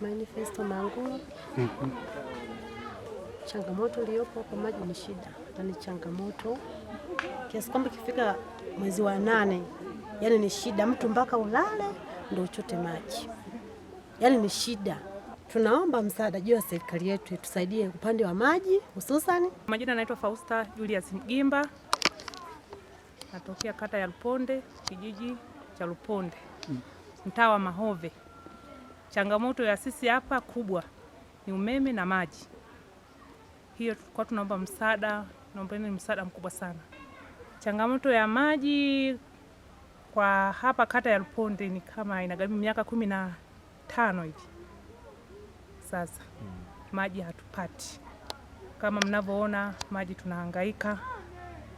manifesto Mangulu. mm -hmm. Changamoto iliyopo kwa maji ni shida na ni changamoto kiasi kwamba ikifika mwezi wa nane, yani ni shida, mtu mpaka ulale ndio uchote maji, yani ni shida. Tunaomba msaada juu ya serikali yetu itusaidie upande wa maji hususani. Majina anaitwa Fausta Julius Mgimba, natokea kata ya Luponde, kijiji cha Luponde, mtaa wa Mahove. Changamoto ya sisi hapa kubwa ni umeme na maji, hiyo tulikuwa tunaomba msaada, naombeni msaada mkubwa sana. Changamoto ya maji kwa hapa kata ya Luponde ni kama inagharimu miaka kumi na tano hivi sasa, maji hatupati. Kama mnavyoona maji tunahangaika,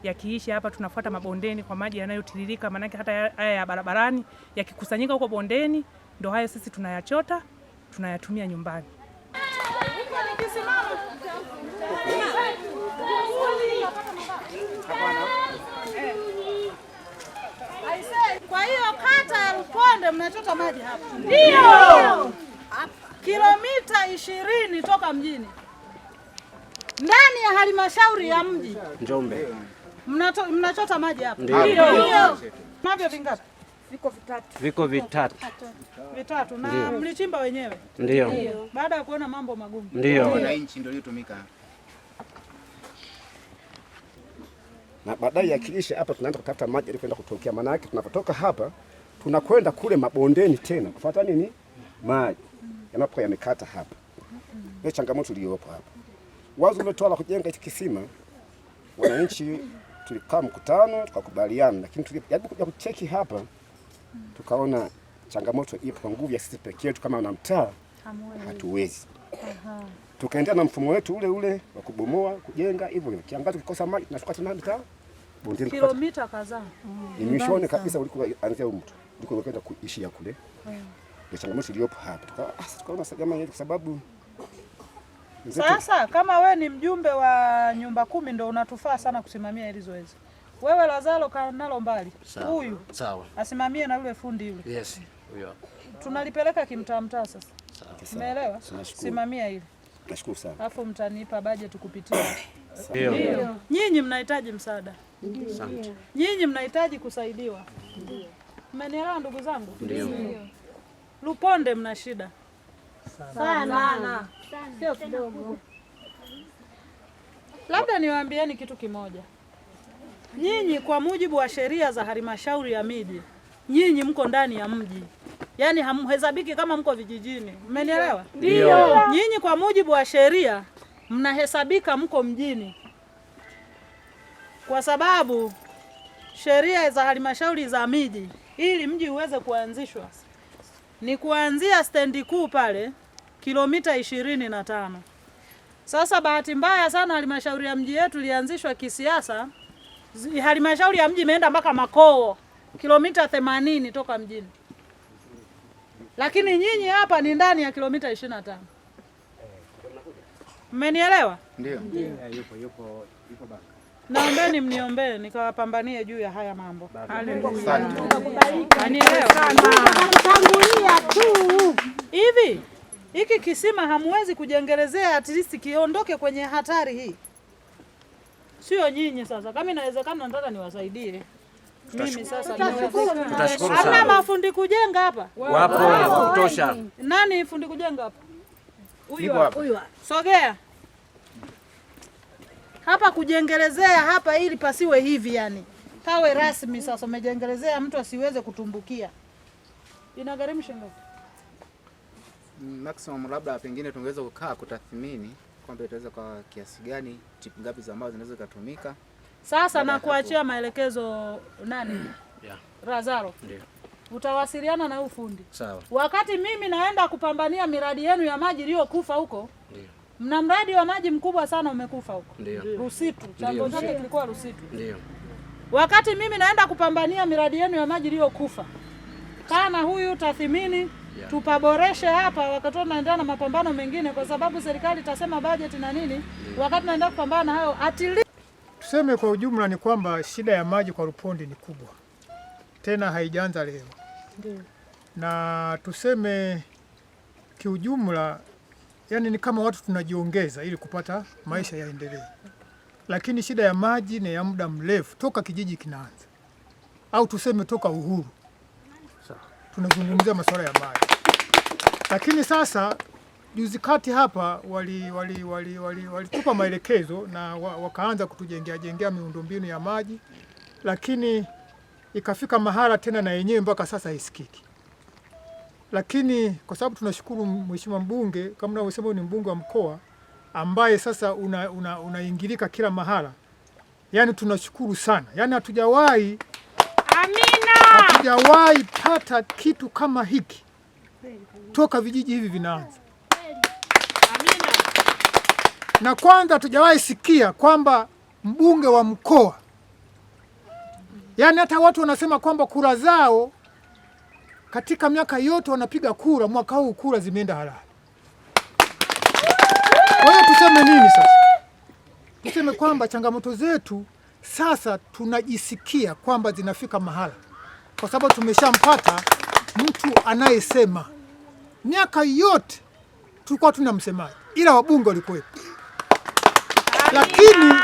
yakiisha hapa tunafuata mabondeni kwa maji yanayotiririka, maanake hata haya ya barabarani yakikusanyika huko bondeni Ndo hayo sisi tunayachota tunayatumia nyumbani. Kwa hiyo kata ya Luponde mnachota maji hapa? Ndio. Kilomita ishirini toka mjini ndani ya halmashauri ya mji Njombe mnachota maji hapa? Ndio. Navyo vingapi? viko vitatu, viko vitatu vitatu na Ndiyo. Mlichimba wenyewe ndio, baada ya kuona mambo magumu ndio, wananchi ndio iliyotumika na baadaye yakilisha hapa, tunaanza kutafuta maji ili kwenda kutokea. Maana yake tunapotoka hapa tunakwenda kule mabondeni tena kufuata nini, maji yanapo yamekata hapa. Ndio changamoto iliyopo hapa. Wazo umetoa la kujenga hiki kisima, wananchi tulikaa mkutano tukakubaliana, lakini tulijaribu kuja kucheki hapa tukaona changamoto ipo kwa nguvu ya sisi pekee yetu kama wanamtaa hatuwezi. Tukaendelea na mfumo wetu ule ule wa kubomoa, kujenga hivyo hivyo. Kiangazi kikosa maji tunashuka tena mtaa bondeni, kilomita kadhaa ni mishoni kabisa ulikoanzia huko, mtu ndiko kwenda kuishia kule. Hmm. Ndio changamoto iliyopo hapa, ah, tukaona kama hiyo, kwa sababu sasa kama we ni mjumbe wa nyumba kumi, ndo unatufaa sana kusimamia hili zoezi. Wewe Lazaro kanalo mbali, huyu asimamie na yule fundi yule. Yes. Tunalipeleka kimtaamtaa sasa, umeelewa? Simamia ile. Nashukuru sana. Alafu mtanipa bajeti kupitia. Ndio. Nyinyi mnahitaji msaada, nyinyi mnahitaji kusaidiwa, mmenielewa ndugu zangu? Ndio. Luponde mna shida sana, sio kidogo. Labda niwaambieni kitu kimoja. Nyinyi kwa mujibu wa sheria za halmashauri ya miji, nyinyi mko ndani ya mji, yaani hamhesabiki kama mko vijijini. Umenielewa? Ndio. Nyinyi kwa mujibu wa sheria mnahesabika mko mjini, kwa sababu sheria za halmashauri za miji, ili mji uweze kuanzishwa ni kuanzia stendi kuu pale kilomita ishirini na tano. Sasa bahati mbaya sana halmashauri ya mji yetu ilianzishwa kisiasa halmashauri ya mji imeenda mpaka Makoo, kilomita themanini toka mjini, lakini nyinyi hapa ni ndani ya kilomita ishirini tano. Mmenielewa? Ndio. Eh, yupo yupo yupo baba. Naombeni mniombee nikawapambanie juu ya haya mambo. hivi hiki kisima hamwezi kujengerezea, at least kiondoke kwenye hatari hii sio nyinyi. Sasa kama inawezekana, nataka niwasaidie mimi sasa. Hamna mafundi kujenga hapa? Wapo kutosha. Nani fundi kujenga hapa? Huyu huyu, sogea hapa kujengelezea hapa, ili pasiwe hivi, yani pawe rasmi. Sasa umejengelezea mtu asiweze kutumbukia. Inagharimu shilingi maximum, labda pengine tungeweza kukaa kutathmini kwamba itaweza kwa kiasi gani, tip ngapi za mbao zinaweza kutumika. Sasa na kuachia maelekezo nani? Yeah. Razaro. Ndio. Utawasiliana na ufundi. Sawa. Wakati mimi naenda kupambania miradi yenu ya maji iliyokufa huko. Ndio. Mna mradi wa maji mkubwa sana umekufa huko. Ndio. Rusitu. Chanzo chake kilikuwa Rusitu. Ndio. Wakati mimi naenda kupambania miradi yenu ya maji iliyokufa. Kana huyu tathimini yeah. tupaboreshe hapa, wakati tunaendelea na mapambano mengine, kwa sababu serikali itasema bajeti na nini yeah. wakati tunaendelea kupambana hayo atili... tuseme kwa ujumla ni kwamba shida ya maji kwa rupondi ni kubwa, tena haijaanza leo yeah. na tuseme kiujumla, yani ni kama watu tunajiongeza ili kupata maisha yaendelee, lakini shida ya maji ni ya muda mrefu toka kijiji kinaanza au tuseme toka uhuru tunazungumzia masuala ya maji. Lakini sasa juzi kati hapa walitupa wali, wali, wali, wali maelekezo na wakaanza kutujengea jengea miundombinu ya maji, lakini ikafika mahala tena na yenyewe mpaka sasa haisikiki. Lakini kwa sababu tunashukuru mheshimiwa mbunge, kama unavyosema ni mbunge wa mkoa ambaye sasa unaingilika una, una kila mahala, yani tunashukuru sana, yani hatujawahi hatujawahi pata kitu kama hiki toka vijiji hivi vinaanza. Na kwanza hatujawahi sikia kwamba mbunge wa mkoa, yaani hata watu wanasema kwamba kura zao katika miaka yote wanapiga kura, mwaka huu kura zimeenda halali. Kwa hiyo tuseme nini sasa? Tuseme kwamba changamoto zetu sasa tunajisikia kwamba zinafika mahala, kwa sababu tumeshampata mtu anayesema miaka yote tulikuwa tuna msemaji, ila wabunge walikuwepo, lakini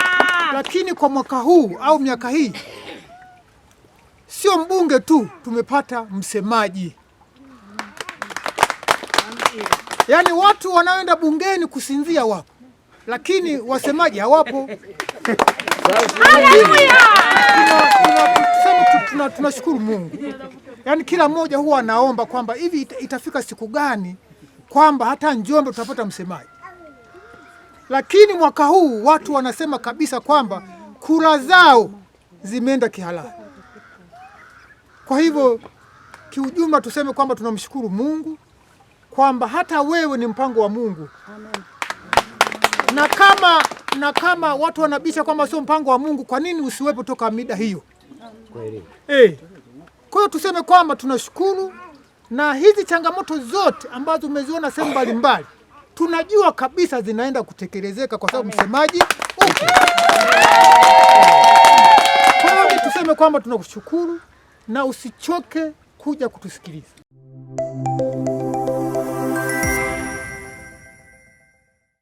lakini kwa mwaka huu au miaka hii sio mbunge tu, tumepata msemaji. Yaani watu wanaoenda bungeni kusinzia wapo, lakini wasemaji hawapo. Tunashukuru Mungu yaani kila mmoja huwa anaomba kwamba hivi itafika siku gani kwamba hata Njombe tutapata msemaji. Lakini mwaka huu watu wanasema kabisa kwamba kura zao zimeenda kihalali. Kwa hivyo kiujumla, tuseme kwamba tunamshukuru Mungu kwamba hata wewe ni mpango wa Mungu. Amen. Na kama na kama watu wanabisha kwamba sio mpango wa Mungu, kwa nini usiwepo toka mida hiyo? Kweli. Eh, kwa hiyo tuseme kwamba tunashukuru, na hizi changamoto zote ambazo umeziona sehemu mbalimbali tunajua kabisa zinaenda kutekelezeka kwa sababu msemaji uko. Kwa hiyo tuseme kwamba tunakushukuru na usichoke kuja kutusikiliza.